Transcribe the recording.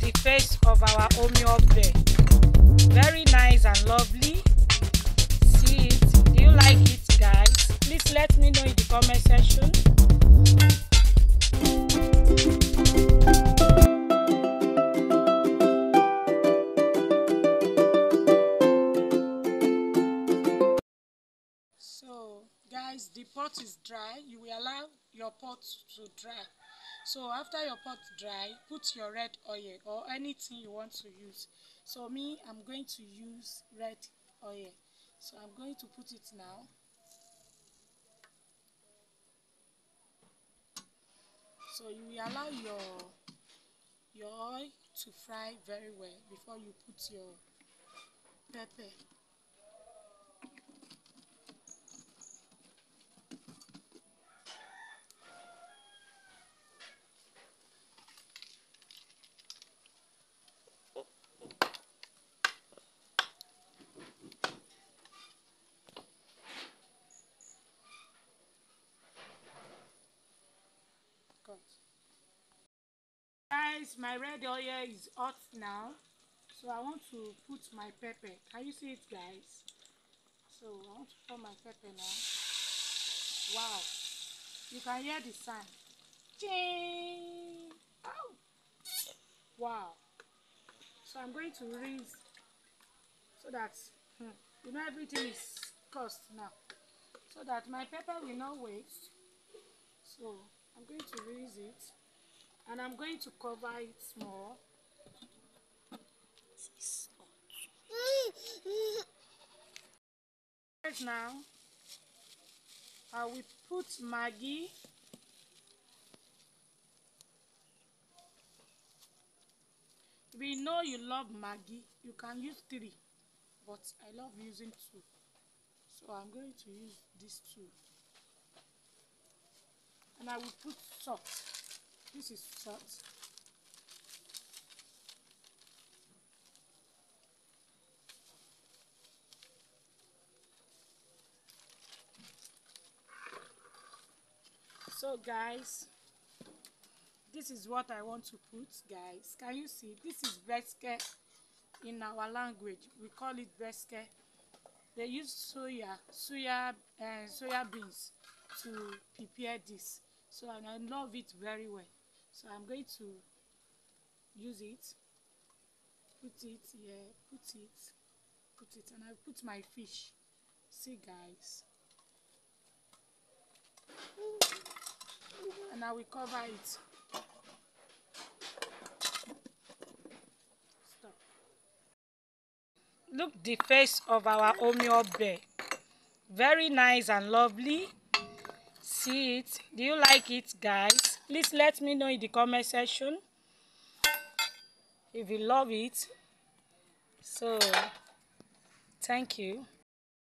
the face of our Omi up there. Very nice and lovely. the pot is dry you will allow your pot to dry so after your pot dry put your red oil or anything you want to use so me i'm going to use red oil so i'm going to put it now so you will allow your your oil to fry very well before you put your pepper this my red oil is hot now so I want to put my pepper can you see it guys so I want to put my pepper now wow you can hear the sound Ching! Oh! wow so I'm going to rinse so that hmm, you know everything is cost now so that my pepper will not waste so I'm going to rinse it and I'm going to cover it more. Right now, I will put Maggie. We know you love Maggie. You can use three, but I love using two. So I'm going to use these two. And I will put salt. This is shut. So guys, this is what I want to put guys. Can you see? This is breske in our language. We call it breske. They use soya, soya, uh, soya beans to prepare this. So and I love it very well so I'm going to use it put it here put it put it and I put my fish see guys and I will cover it stop look the face of our omeo bear very nice and lovely see it do you like it guys Please let me know in the comment section if you love it. So, thank you.